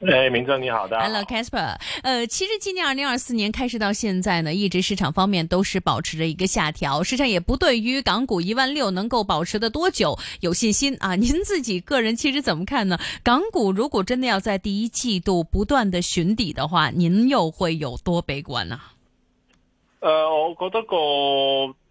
誒，明正，你好，的。Hello, Casper。呃，其實今年二零二四年開始到現在呢，一直市場方面都是保持着一個下調，市場也不對於港股一萬六能夠保持得多久有信心啊？您自己個人其實怎麼看呢？港股如果真的要在第一季度不斷的尋底的話，您又會有多悲觀呢、啊？呃，我覺得個，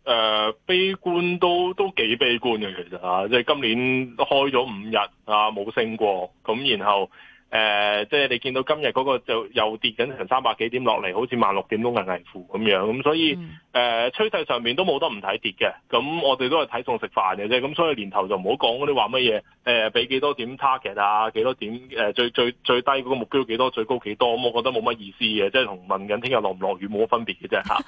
呃，悲觀都都幾悲觀嘅，其實啊，即、就、係、是、今年開咗五日啊，冇升過咁，然後。誒、呃，即係你見到今日嗰個就又跌緊成三百幾點落嚟，好似萬六點都岌岌乎咁樣，咁所以誒趨勢上面都冇得唔睇跌嘅。咁我哋都係睇餸食飯嘅啫，咁所以年頭就唔好講嗰啲話乜嘢誒，俾、呃、幾多點 target 啊，幾多點誒、呃、最最最低嗰個目標幾多，最高幾多，咁我覺得冇乜意思嘅，即係同問緊聽日落唔落雨乜冇分別嘅啫嚇。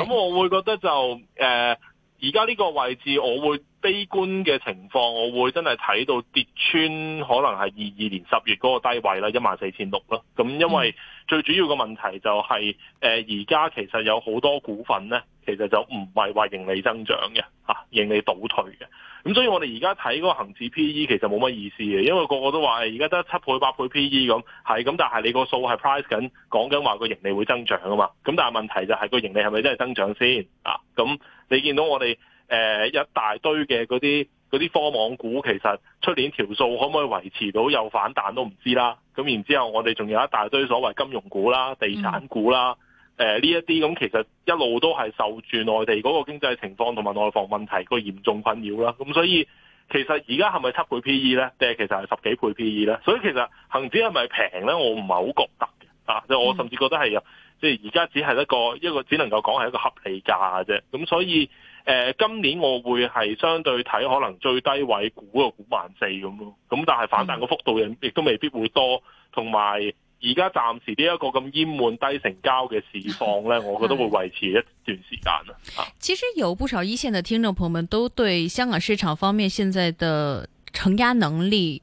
咁、 啊、我會覺得就誒，而家呢個位置我會。悲觀嘅情況，我會真係睇到跌穿可能係二二年十月嗰個低位啦，一萬四千六啦。咁因為最主要嘅問題就係、是，誒而家其實有好多股份咧，其實就唔係話盈利增長嘅，嚇、啊、盈利倒退嘅。咁所以我哋而家睇嗰個恆指 P E 其實冇乜意思嘅，因為個個都話而家得七倍、八倍 P E 咁，係咁，但係你個數係 price 緊，講緊話個盈利會增長啊嘛。咁但係問題就係個盈利係咪真係增長先啊？咁你見到我哋。誒、呃，一大堆嘅嗰啲嗰啲科網股，其實出年條數可唔可以維持到有反彈都唔知啦。咁然之後，我哋仲有一大堆所謂金融股啦、地產股啦，誒呢一啲咁，呃、其實一路都係受住內地嗰個經濟情況同埋內房問題個嚴重困擾啦。咁所以，其實而家係咪七倍 P E 咧，定係其實係十幾倍 P E 咧？所以其實恒指係咪平咧？我唔係好覺得嘅，啊，即係我甚至覺得係，即係而家只係一個一個只能夠講係一個合理價啫。咁所以。呃、今年我會係相對睇可能最低位估個股萬四咁咯，咁但係反彈個幅度亦亦都未必會多，同埋而家暫時呢一個咁陰悶低成交嘅市況呢，我覺得會維持一段時間。啊、其實有不少一綫嘅聽眾朋友們都對香港市場方面現在的承壓能力。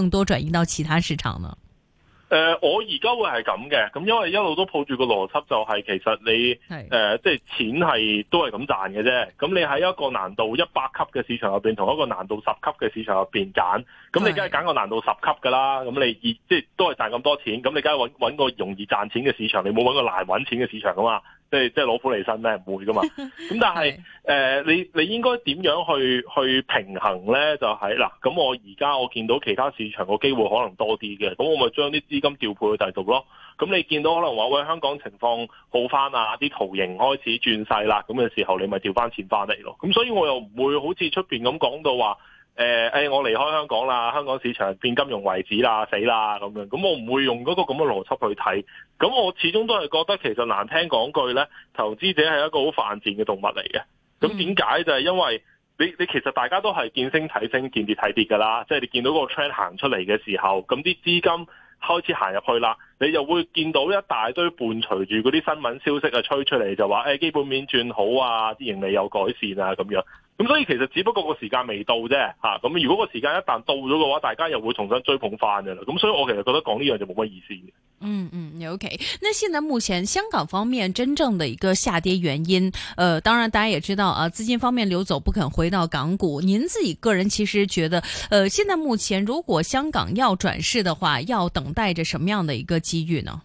更多轉移到其他市場呢？誒、呃，我而家會係咁嘅，咁因為一路都抱住個邏輯，就係其實你誒，即係、呃就是、錢係都係咁賺嘅啫。咁你喺一個難度一百級嘅市場入邊，同一個難度十級嘅市場入邊揀，咁你梗係揀個難度十級噶啦。咁你而即係都係賺咁多錢，咁你梗係揾揾個容易賺錢嘅市場，你冇揾個難揾錢嘅市場噶嘛。即係即係攞苦嚟辛咧，唔會噶嘛。咁但係誒、 呃，你你應該點樣去去平衡咧？就係、是、嗱，咁我而家我見到其他市場個機會可能多啲嘅，咁我咪將啲資金調配去第度咯。咁你見到可能話喂，香港情況好翻啊，啲圖形開始轉勢啦，咁、那、嘅、個、時候你咪調翻錢翻嚟咯。咁所以我又唔會好似出面咁講到話。誒、欸、誒，我離開香港啦，香港市場變金融為止啦，死啦咁樣。咁我唔會用嗰個咁嘅邏輯去睇。咁我始終都係覺得其實難聽講句咧，投資者係一個好犯賤嘅動物嚟嘅。咁點解就係、是、因為你你其實大家都係見升睇升，見跌睇跌㗎啦。即、就、係、是、你見到個 trend 行出嚟嘅時候，咁啲資金開始行入去啦，你又會見到一大堆伴隨住嗰啲新聞消息啊，吹出嚟就話、欸、基本面轉好啊，啲盈利有改善啊咁樣。咁、嗯、所以其實只不過個時間未到啫，吓、啊、咁如果個時間一旦到咗嘅話，大家又會重新追捧翻嘅啦。咁所以我其實覺得講呢樣就冇乜意思嘅。嗯嗯，OK。那現在目前香港方面真正的一個下跌原因，誒、呃，當然大家也知道啊，資金方面流走，不肯回到港股。您自己個人其實覺得，誒、呃，現在目前如果香港要轉勢嘅話，要等待着什麼樣的一個機遇呢？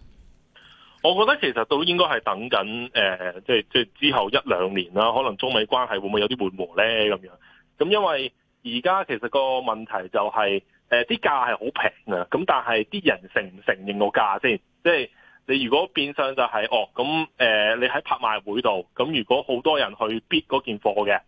我覺得其實都應該係等緊，誒、呃，即係即係之後一兩年啦，可能中美關係會唔會有啲緩和咧咁樣？咁因為而家其實個問題就係、是，誒、呃，啲價係好平啊，咁但係啲人承唔承認個價先？即係你如果變相就係、是、哦，咁誒、呃，你喺拍賣會度，咁如果好多人去 bid 嗰件貨嘅，咁、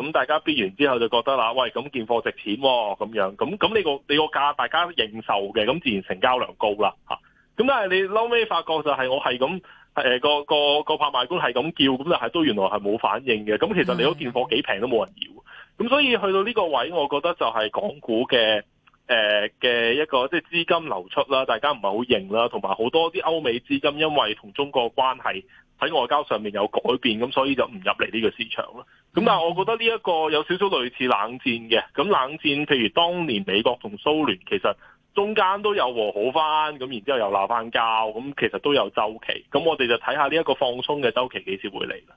嗯、大家 bid 完之後就覺得啦，喂，咁件貨值錢喎、哦，咁樣，咁咁你個你個價大家認受嘅，咁自然成交量高啦，嚇。咁但係你嬲尾發覺就係我係咁誒個個個,個拍賣官係咁叫，咁就係都原來係冇反應嘅。咁其實你嗰件貨幾平都冇人要。咁、嗯、所以去到呢個位，我覺得就係港股嘅誒嘅一個即係資金流出啦，大家唔係好認啦，同埋好多啲歐美資金因為同中國關係喺外交上面有改變，咁所以就唔入嚟呢個市場咯。咁、嗯、但係我覺得呢一個有少少類似冷戰嘅。咁冷戰譬如當年美國同蘇聯其實。中間都有和好返，咁然之後又鬧返交，咁其實都有周期。咁我哋就睇下呢一個放鬆嘅周期幾時會嚟啦。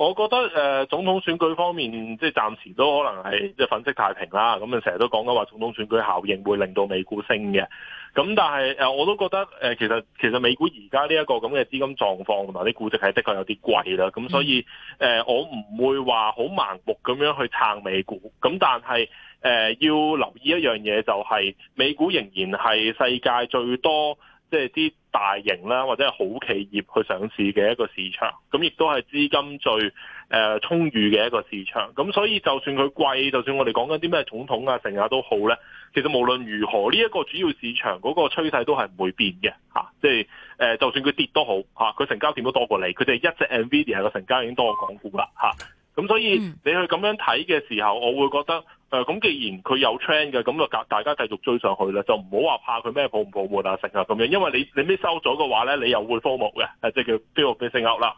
我覺得誒總統選舉方面，即係暫時都可能係即係粉飾太平啦。咁啊，成日都講緊話總統選舉效應會令到美股升嘅。咁但係誒，我都覺得誒，其實其實美股而家呢一個咁嘅資金狀況同埋啲估值係的確有啲貴啦。咁所以誒，我唔會話好盲目咁樣去撐美股。咁但係誒，要留意一樣嘢就係美股仍然係世界最多即係啲。就是大型啦，或者係好企業去上市嘅一個市場，咁亦都係資金最誒、呃、充裕嘅一個市場。咁所以就算佢貴，就算我哋講緊啲咩總統啊，成日都好咧。其實無論如何，呢、這、一個主要市場嗰個趨勢都係唔會變嘅嚇。即係誒，就算佢跌都好嚇，佢、啊、成交點都多過你。佢哋一直 Nvidia 嘅成交已經多過港股啦嚇。咁、啊、所以你去咁樣睇嘅時候，我會覺得。咁、呃，既然佢有 trend 嘅，咁就大大家繼續追上去啦，就唔好話怕佢咩泡唔泡沫啊，成啊咁樣，因為你你收咗嘅話咧，你又會 FOMO 嘅，即係叫 fear of missing out 啦，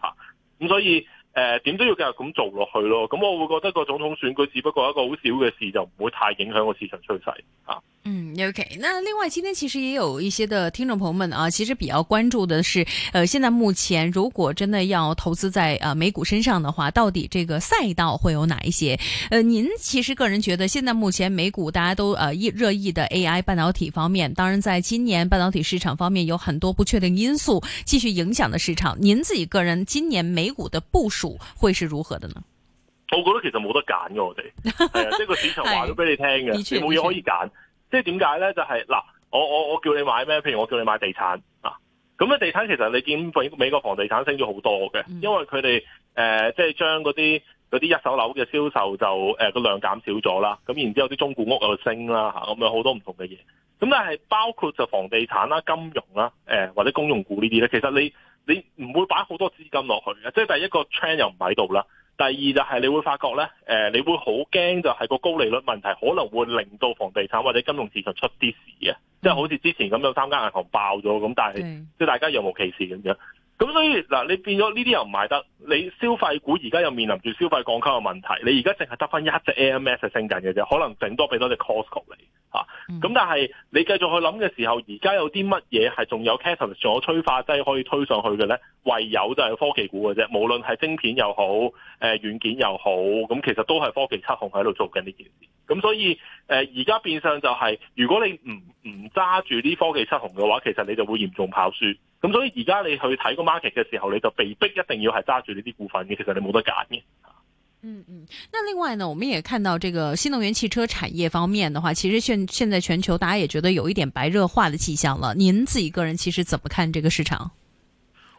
咁所以誒點、呃、都要繼續咁做落去咯。咁、啊、我會覺得個總統選舉只不過一個好少嘅事，就唔會太影響個市場趨勢、啊嗯，OK。那另外，今天其實也有一些的聽眾朋友們啊，其實比較關注的是，呃，現在目前如果真的要投資在呃美股身上的話，到底這個賽道會有哪一些？呃，您其實個人覺得，現在目前美股大家都呃熱熱議的 AI 半導體方面，當然，在今年半導體市場方面有很多不確定因素繼續影響的市場。您自己個人今年美股的部署會是如何的呢？我覺得其實冇得揀嘅、啊，我哋係啊， 哎，這個市場話咗俾你聽 嘅，你冇嘢，可以揀。 哎即係點解咧？就係、是、嗱，我我我叫你買咩？譬如我叫你買地產啊，咁嘅地產其實你見美美國房地產升咗好多嘅，因為佢哋誒即係將嗰啲嗰啲一手樓嘅銷售就誒個、呃、量減少咗啦。咁、啊、然之後啲中古屋又升啦，咁樣好多唔同嘅嘢。咁但係包括就房地產啦、金融啦、誒、啊、或者公用股呢啲咧。其實你你唔會擺好多資金落去嘅，即係第一個 trend 又唔喺度啦。第二就係你會發覺咧，誒、呃、你會好驚就係個高利率問題可能會令到房地產或者金融市場出啲事嘅，即係好似之前咁樣有三間銀行爆咗咁，但係即係、mm. 大家若無其事咁樣。咁所以嗱，你變咗呢啲又唔買得，你消費股而家又面臨住消費降級嘅問題，你而家淨係得返一隻 A M S 係升緊嘅啫，可能整多俾多隻 Costco 你咁、嗯、但係你繼續去諗嘅時候，而家有啲乜嘢係仲有 catalyst 仲有催化劑可以推上去嘅咧？唯有就係科技股嘅啫，無論係晶片又好、呃，軟件又好，咁其實都係科技七雄喺度做緊呢件事。咁所以而家、呃、變相就係、是、如果你唔唔揸住啲科技七雄嘅話，其實你就會嚴重跑輸。咁、嗯、所以而家你去睇個 market 嘅時候，你就被逼一定要係揸住呢啲股份嘅，其實你冇得揀嘅。嗯嗯，那另外呢，我們也看到這個新能源汽車產業方面的話，其實現現在全球大家也覺得有一點白熱化的迹象了。您自己個人其實怎麼看這個市場？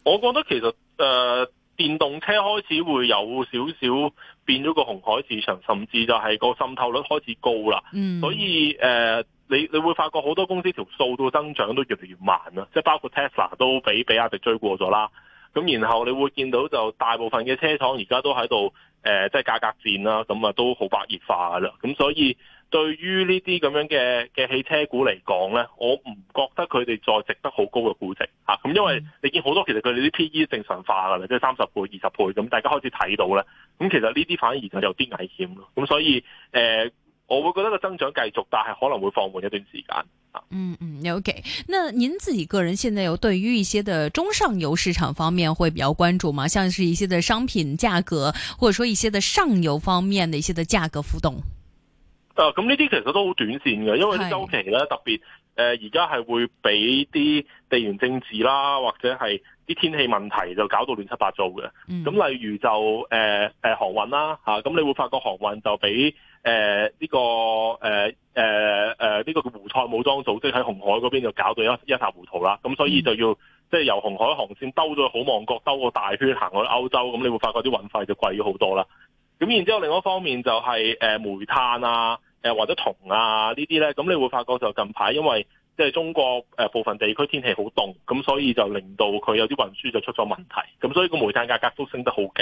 我覺得其實誒、呃，電動車開始會有少少變咗個紅海市場，甚至就係個滲透率開始高啦。嗯，所以誒。呃你你會發覺好多公司條數都增長都越嚟越慢啦，即係包括 Tesla 都畀比亞迪追過咗啦。咁然後你會見到就大部分嘅車廠而家都喺度誒，即係價格戰啦，咁啊都好白熱化噶啦。咁所以對於呢啲咁樣嘅嘅汽車股嚟講咧，我唔覺得佢哋再值得好高嘅估值咁、啊、因為你見好多其實佢哋啲 P E 正常化噶啦，即係三十倍、二十倍咁，大家開始睇到咧。咁其實呢啲反而就有啲危險咯。咁所以、呃我會覺得個增長繼續，但係可能會放緩一段時間啊。嗯嗯，OK。那您自己個人現在有對於一些的中上游市場方面會比較關注嗎？像是一些的商品價格，或者說一些的上游方面的一些的價格浮動。誒、啊，咁呢啲其實都好短線嘅，因為週期咧，特別誒，而家係會俾啲地緣政治啦，或者係啲天氣問題就搞到亂七八糟嘅。咁、嗯、例如就誒誒、呃呃、航運啦吓，咁、啊、你會發覺航運就俾。誒、呃、呢、這個誒誒誒呢個胡塞武裝組織喺紅海嗰邊就搞到一一塌糊塗啦，咁 所以就要即係、就是、由紅海航線兜咗去好望角兜個大圈行去歐洲，咁你會發覺啲運費就貴咗好多啦。咁然之後另一方面就係煤炭啊，或者銅啊呢啲咧，咁你會發覺就近排因為。即係中國，誒，部分地區天氣好凍，咁所以就令到佢有啲運輸就出咗問題，咁所以個煤炭價格都升得好勁。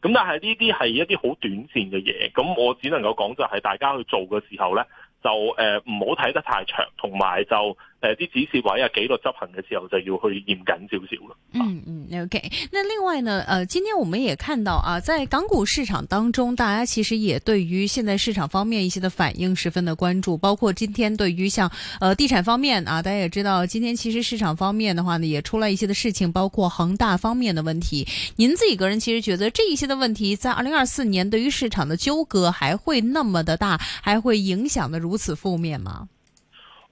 咁但係呢啲係一啲好短線嘅嘢，咁我只能夠講就係大家去做嘅時候咧，就誒唔好睇得太長，同埋就。誒啲指示位啊，紀律執行嘅時候就要去嚴謹少少咯。嗯嗯，OK。那另外呢，呃，今天我們也看到啊，在港股市場當中，大家其實也對於現在市場方面一些的反應十分的關注。包括今天對於像呃地產方面啊，大家也知道，今天其實市場方面的話呢，也出來一些的事情，包括恒大方面嘅問題。您自己個人其實覺得，這一些的問題在二零二四年對於市場的糾葛，還會那麼的大，還會影響得如此負面嗎？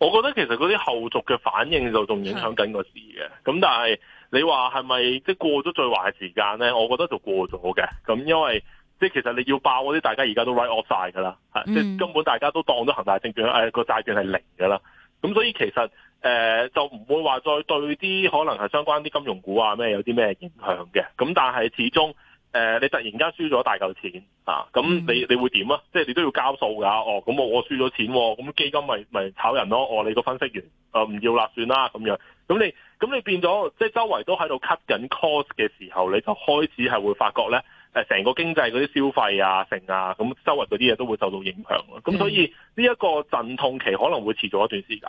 我覺得其實嗰啲後續嘅反應就仲影響緊個市嘅，咁但係你話係咪即係過咗最壞嘅時間咧？我覺得就過咗嘅，咁因為即係、就是、其實你要爆嗰啲，大家而家都 write off 晒噶啦，嚇、嗯，即係根本大家都當咗恒大證券誒個、呃、債券係零噶啦，咁所以其實誒、呃、就唔會話再對啲可能係相關啲金融股啊咩有啲咩影響嘅，咁但係始終。誒、呃，你突然間輸咗大嚿錢啊？咁你你會點啊？即係你都要交數噶。哦，咁我我輸咗錢，哦，咁基金咪咪炒人咯。哦，你個分析員啊、呃、唔要啦，算啦咁樣。咁你咁你變咗，即係周圍都喺度 cut 緊 cost 嘅時候，你就開始係會發覺咧，誒，成個經濟嗰啲消費啊、成啊，咁周圍嗰啲嘢都會受到影響咯。咁所以呢一個陣痛期可能會持續一段時間。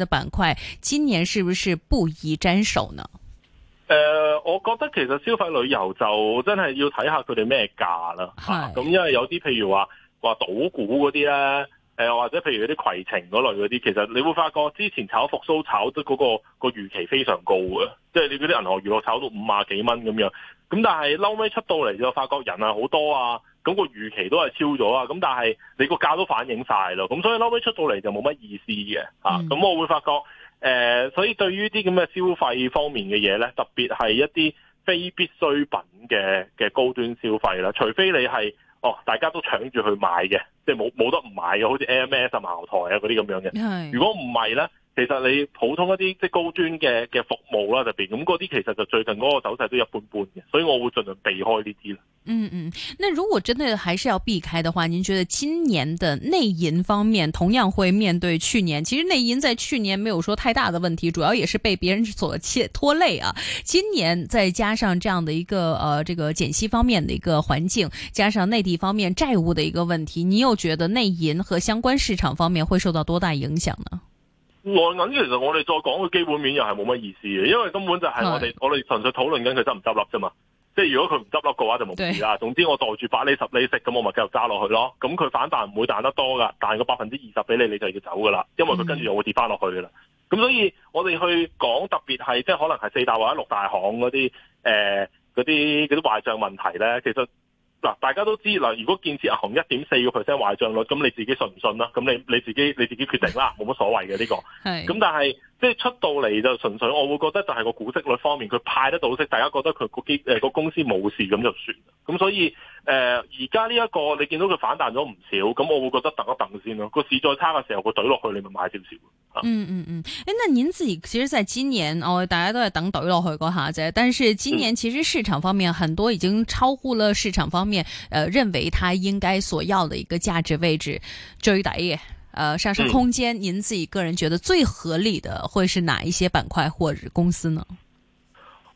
的板塊今年是不是不宜沾手呢？誒、呃，我覺得其實消費旅遊就真係要睇下佢哋咩價啦。係咁、啊，因為有啲譬如話話賭股嗰啲咧，誒、呃、或者譬如啲携程嗰類嗰啲，其實你會發覺之前炒復蘇炒得嗰、那個、那個預期非常高嘅，即、就、係、是、你嗰啲銀河娛樂炒到五啊幾蚊咁樣。咁但係嬲尾出到嚟就發覺人啊好多啊。咁、個預期都係超咗啊！咁但係你個價都反映晒咯，咁所以後尾出到嚟就冇乜意思嘅嚇。咁、嗯啊、我會發覺誒、呃，所以對於啲咁嘅消費方面嘅嘢咧，特別係一啲非必需品嘅嘅高端消費啦，除非你係哦大家都搶住去買嘅，即係冇冇得唔買嘅，好似 AMS、啊、茅台啊嗰啲咁樣嘅。如果唔係咧。其實你普通一啲即係高端嘅嘅服務啦，入邊咁嗰啲其實就最近嗰個走勢都一般般嘅，所以我會盡量避開呢啲啦。嗯嗯，那如果真的還是要避開的話，您覺得今年的內銀方面同樣會面對去年？其實內銀在去年沒有說太大的問題，主要也是被別人所拖累啊。今年再加上這樣的一個，呃，這個減息方面的一個環境，加上內地方面債務的一個問題，您又覺得內銀和相關市場方面會受到多大影響呢？內銀其實我哋再講佢基本面又係冇乜意思嘅，因為根本就係我哋我哋純粹討論緊佢執唔執笠啫嘛。即係如果佢唔執笠嘅話就冇事啦。總之我袋住八厘十厘息，咁我咪繼續揸落去咯。咁佢反彈唔會彈得多噶，彈個百分之二十俾你，你就要走噶啦，因為佢跟住又會跌翻落去噶啦。咁、嗯、所以我哋去講特別係即係可能係四大或者六大行嗰啲誒嗰啲嗰啲壞賬問題咧，其實。嗱，大家都知嗱，如果建設銀行一點四個 percent 壞帳率，咁你自己信唔信啦？咁你，你自己你自己決定啦，冇乜所謂嘅呢個。係，咁但係。即係出到嚟就純粹，我會覺得就係個股息率方面，佢派得到息，大家覺得佢個基誒個公司冇事咁就算。咁所以誒，而家呢一個你見到佢反彈咗唔少，咁我會覺得等一等先咯。個市再差嘅時候，個懟落去你咪買少少。嗯嗯嗯，誒、嗯欸，那您自己其實在今年哦，大家都係等懟落去個下啫。但是今年其實市場方面很多已經超乎了市場方面，誒、呃，認為它應該所要的一個價值位置最，最低嘅。誒、呃，上升空間、嗯，您自己個人覺得最合理的會是哪一些板塊或者公司呢？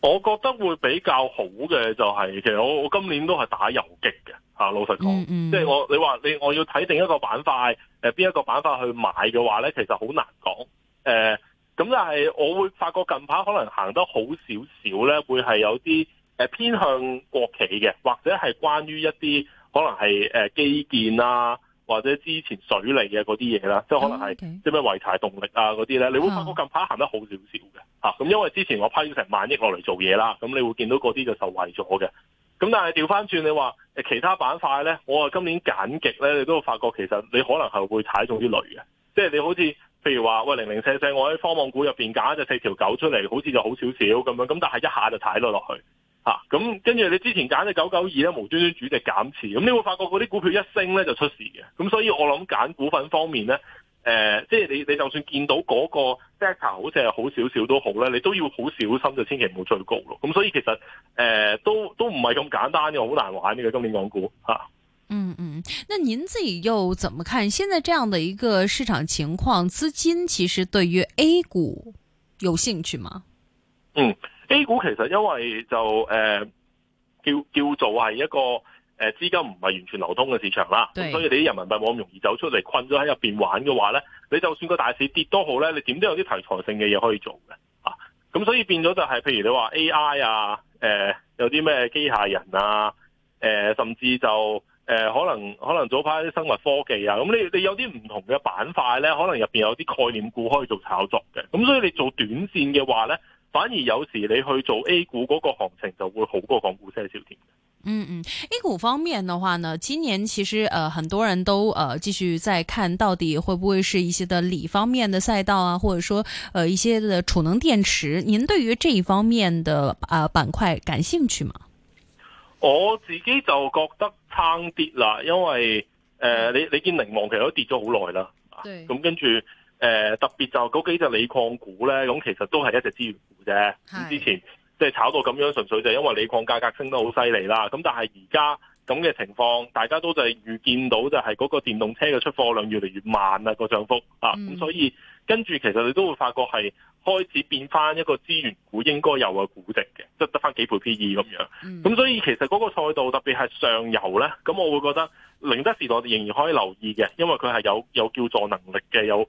我覺得會比較好嘅就係、是，其實我我今年都係打游擊嘅，老實講、嗯嗯，即係我你話你我要睇定一個板塊，誒、呃、邊一個板塊去買嘅話呢？其實好難講。誒、呃，咁但係我會發覺近排可能行得好少少呢，會係有啲誒、呃、偏向國企嘅，或者係關於一啲可能係誒、呃、基建啊。或者之前水利嘅嗰啲嘢啦，即係可能係、okay。即咩濰柴動力啊嗰啲咧，你會發覺近排行得好少少嘅，吓、uh、咁 -huh. 啊、因為之前我批咗成萬億落嚟做嘢啦，咁你會見到嗰啲就受惠咗嘅。咁但係調翻轉你話誒其他板塊咧，我話今年揀極咧，你都會發覺其實你可能係會踩中啲雷嘅，即係你好似譬如話喂零零色色四四，我喺科網股入邊揀一隻四條九出嚟，好似就好少少咁樣，咁但係一下就踩咗落去。吓、啊、咁，跟住你之前揀嘅九九二咧，無端端主力減持，咁、嗯、你會發覺嗰啲股票一升咧就出事嘅，咁、嗯、所以我諗揀股份方面咧，誒、呃，即係你你就算見到嗰個 sector 好似係好少少都好呢，你都要好小心，就千祈唔好再高咯。咁、嗯、所以其實誒、呃，都都唔係咁簡單嘅，好難玩呢個今年港股吓、啊。嗯嗯，那您自己又怎麼看現在這樣的一個市場情況？資金其實對於 A 股有興趣嗎？嗯。A 股其實因為就誒、呃、叫叫做係一個誒資金唔係完全流通嘅市場啦，所以你啲人民幣冇咁容易走出嚟，困咗喺入邊玩嘅話咧，你就算個大市跌都好咧，你點都有啲題材性嘅嘢可以做嘅啊！咁所以變咗就係、是，譬如你話 A.I. 啊，誒、呃、有啲咩機械人啊，誒、呃、甚至就誒、呃、可能可能早排啲生物科技啊，咁你你有啲唔同嘅板塊咧，可能入邊有啲概念股可以做炒作嘅。咁所以你做短線嘅話咧。反而有時你去做 A 股嗰個行情就會好過港股些少啲。嗯嗯，A 股方面的話呢，今年其實誒、呃，很多人都誒繼、呃、續在看到底會不會是一些的鋰方面的賽道啊，或者說誒、呃、一些的儲能電池。您對於這一方面的啊、呃、板塊感興趣嗎？我自己就覺得撐跌啦，因為誒、呃嗯，你你見寧王其實都跌咗好耐啦，咁、啊、跟住。誒、呃，特別就嗰幾隻鋰礦股咧，咁其實都係一隻資源股啫。咁之前即係炒到咁樣，純粹就係因為鋰礦價格升得好犀利啦。咁但係而家咁嘅情況，大家都就係預見到就係嗰個電動車嘅出貨量越嚟越慢啦，個漲幅、嗯、啊。咁所以跟住，其實你都會發覺係開始變翻一個資源股應該有嘅估值嘅，即係得翻幾倍 PE 咁樣。咁、嗯、所以其實嗰個賽道特別係上游咧，咁我會覺得寧德時代我哋仍然可以留意嘅，因為佢係有有叫做能力嘅有。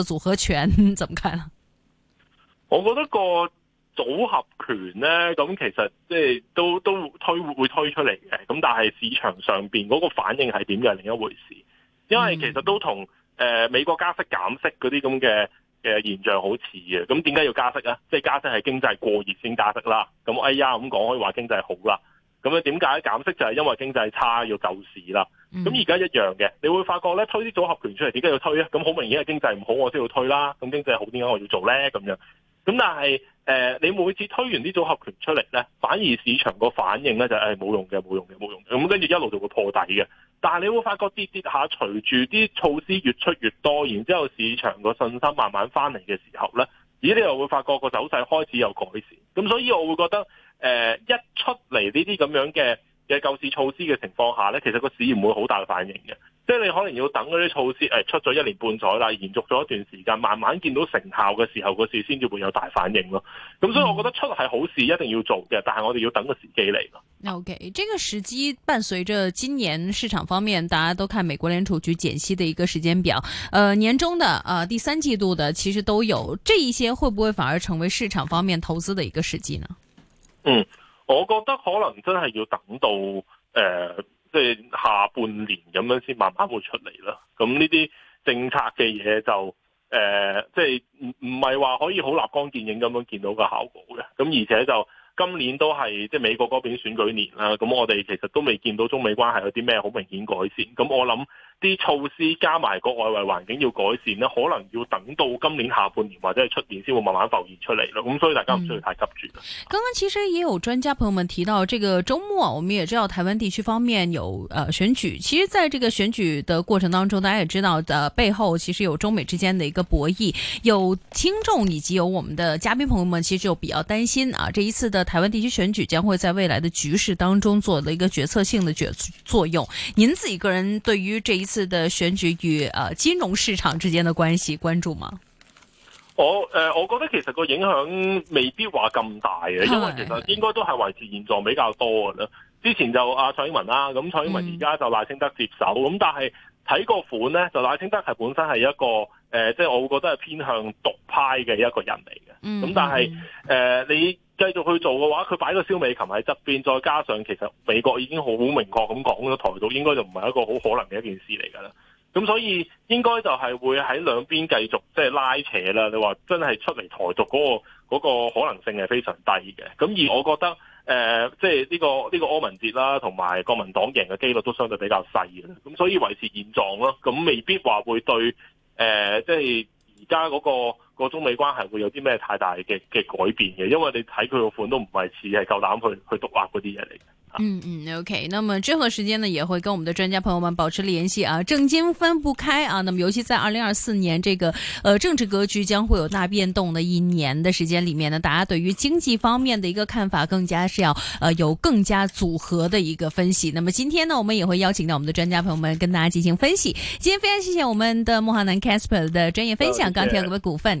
組合拳，你點睇啊？我覺得個組合拳呢，咁其實即係都都會推會推出嚟嘅，咁但係市場上邊嗰個反應係點嘅係另一回事，因為其實都同誒美國加息減息嗰啲咁嘅嘅現象好似嘅，咁點解要加息啊？即係加息係經濟過熱先加息啦，咁哎呀咁講可以話經濟好啦。咁咧點解減息就係因為經濟差要救市啦？咁而家一樣嘅，你會發覺咧推啲組合拳出嚟點解要推啊？咁好明顯係經濟唔好，我先要推啦。咁經濟好點解我要做咧？咁樣。咁但係誒、呃，你每次推完啲組合拳出嚟咧，反而市場個反應咧就係冇用嘅、冇用嘅、冇用嘅。咁跟住一路就會破底嘅。但係你會發覺啲跌下，隨住啲措施越出越多，然之後市場個信心慢慢翻嚟嘅時候咧。咦，你又會發覺個走勢開始有改善，咁所以我會覺得，誒、呃、一出嚟呢啲咁樣嘅嘅救市措施嘅情況下咧，其實個市唔會好大嘅反應嘅。即係你可能要等嗰啲措施誒、哎、出咗一年半載啦，延續咗一段時間，慢慢見到成效嘅時候，個事先至會有大反應咯。咁所以我覺得出係好事，一定要做嘅，但係我哋要等個時機嚟咯。O、okay, K，這個時機伴隨着今年市場方面，大家都看美國聯儲局減息的一個時間表。呃年中的誒、呃、第三季度的，其實都有這一些，會不會反而成為市場方面投資的一個時機呢？嗯，我覺得可能真係要等到誒。呃即係下半年咁樣先慢慢會出嚟啦。咁呢啲政策嘅嘢就誒、呃，即係唔唔係話可以好立竿見影咁樣見到個效果嘅。咁而且就今年都係即係美國嗰邊選舉年啦。咁我哋其實都未見到中美關係有啲咩好明顯改善。咁我諗，啲措施加埋個外圍環境要改善咧，可能要等到今年下半年或者係出年先會慢慢浮現出嚟咯。咁、嗯、所以大家唔需要太急住、嗯。剛剛其實也有專家朋友們提到，這個周末我們也知道台灣地區方面有誒、呃、選舉。其實在這個選舉的過程當中，大家也知道的、呃、背後其實有中美之間的一個博弈。有聽眾以及有我們的嘉賓朋友們，其實就比較擔心啊。這一次的台灣地區選舉將會在未來的局勢當中做一個決策性的決作用。您自己個人對於這一？次嘅選舉與誒金融市場之間嘅關係關注嗎？我誒、呃，我覺得其實個影響未必話咁大嘅，因為其實應該都係維持現狀比較多嘅啦。之前就阿、啊、蔡英文啦，咁蔡英文而家就賴清德接手，咁、嗯、但係睇個款咧，就賴清德係本身係一個誒、即、呃、係我會覺得係偏向獨派嘅一個人嚟嘅。咁但係誒、呃、你。繼續去做嘅話，佢擺個蕭美琴喺側邊，再加上其實美國已經好明確咁講咗台獨應該就唔係一個好可能嘅一件事嚟㗎啦。咁所以應該就係會喺兩邊繼續即係、就是、拉扯啦。你話真係出嚟台獨嗰、那個那個可能性係非常低嘅。咁而我覺得誒，即係呢個呢、這個柯文哲啦，同埋國民黨贏嘅機率都相對比較細嘅。咁所以維持現狀咯，咁未必話會對誒，即係而家嗰個。個中美關係會有啲咩太大嘅嘅改變嘅，因為你睇佢個款都唔係似係夠膽去去獨壓嗰啲嘢嚟嘅。嗯嗯，OK，那麼之後時間呢，也會跟我們的專家朋友們保持聯繫啊。政經分不開啊，那麼尤其在二零二四年這個，呃，政治格局將會有大變動的一年的時間裏面呢，大家對於經濟方面的一個看法更加是要，呃，有更加組合的一個分析。那麼今天呢，我們也會邀請到我們的專家朋友們跟大家進行分析。今天非常謝謝我們的莫灝楠 Casper 的專業分享，鋼鐵股份。